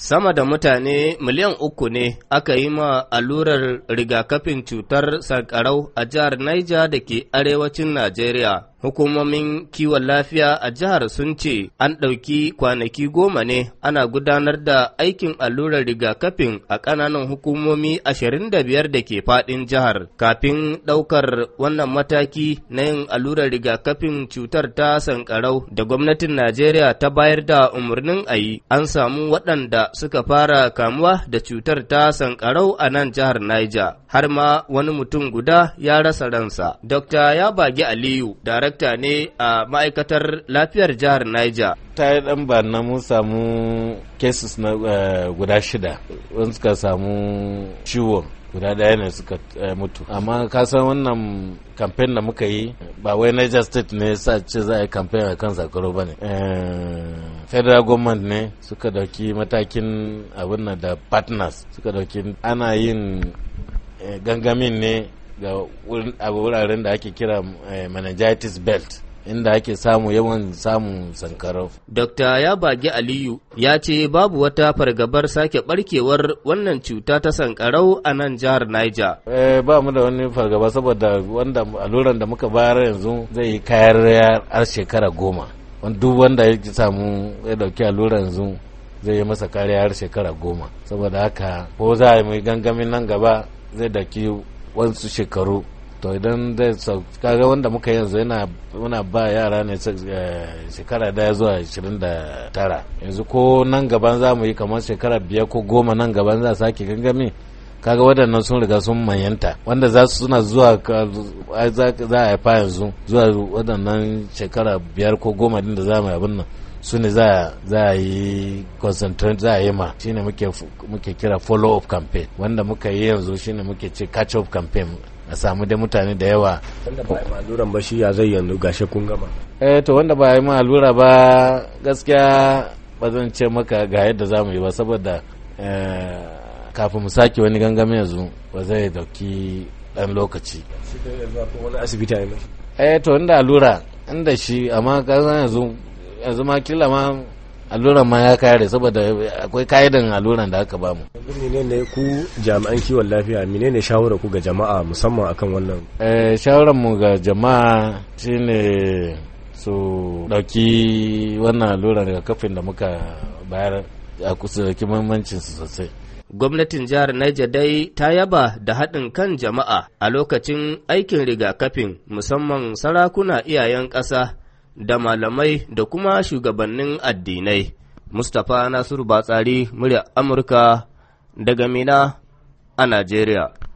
Sama da mutane miliyan uku ne aka yi ma allurar rigakafin cutar sankarau a jihar Niger da ke arewacin Najeriya. Hukumomin kiwon lafiya a jihar sun ce an ɗauki kwanaki goma ne ana gudanar da aikin allurar rigakafin a ƙananan hukumomi ashirin da biyar da ke faɗin jihar kafin ɗaukar wannan mataki na yin allurar rigakafin cutar ta sankarau da gwamnatin Najeriya ta bayar da umarnin ayi, an samu waɗanda suka fara kamuwa da cutar ta sankarau a nan jihar Niger har ma wani mutum guda ya rasa ransa. Dr. Yabagi Aliyu, darakta ne a ma'aikatar lafiyar jihar Niger. Ta yi ɗan ba na mun samu cases na eh, guda shida wani suka samu ciwon guda ɗaya ne suka eh, mutu amma ka san wannan kamfen da muka yi ba wai niger state ne sa ce za a yi kamfen a kan zakaro ba ne eh, federal government ne suka dauki matakin abin da partners suka dauki ana yin gangamin ne ga wuraren da ake kira eh, meningitis belt inda ake samu yawan samun sankarau. Dokta Yabagi Aliyu ya ce babu wata fargabar sake barkewar wannan cuta ta sankarau a nan jihar Niger. Eh, ba mu da wani fargaba saboda wanda aluran da muka bayar yanzu zai yi kayar har shekara goma. Duk wanda ya samu ya dauki aluran yanzu zai yi masa kariya har shekara goma. Saboda haka ko za a yi gangamin nan gaba zai dauki wasu shekaru to idan da kaga wanda muka yanzu yana muna ba yara ne eh, shekara daya zuwa 29 yanzu ko nan gaban za mu yi kamar shekara biyar ko goma nan gaban za sake gangami kaga waɗannan sun riga sun manyanta wanda za su suna zuwa za a haifa yanzu zuwa waɗannan shekara biyar ko goma din da za mu abin nan su ne za a yi concentrate za a yi ma shine muke kira follow up campaign wanda muka yi yanzu shine muke ce catch up campaign a samu dai mutane da yawa wanda ba yi alluran ba shi ya zai yanzu gashe kun gama eh to wanda ba yi ma ba gaskiya ba zan ce maka ga yadda za mu yi ba saboda eh, kafin mu sake wani gangamin yanzu ba zai dauki dan lokaci shi wani asibiti a eh to inda allura inda shi amma kazan yanzu yanzu ma kila ma alluran ma ya kare saboda akwai ka'idan alluran da aka bamu. menene ku jami'an kiwon lafiya menene shawara ku ga jama'a musamman akan wannan eh shawaran mu ga jama'a shine su dauki wannan alluran daga kafin da muka bayar a kusa da mahimmancin su sosai Gwamnatin jihar Niger dai ta yaba da haɗin kan jama'a a lokacin aikin rigakafin musamman sarakuna iyayen ƙasa da malamai da kuma shugabannin addinai. Mustapha Nasiru Batsari, murya Amurka daga Mina a Najeriya.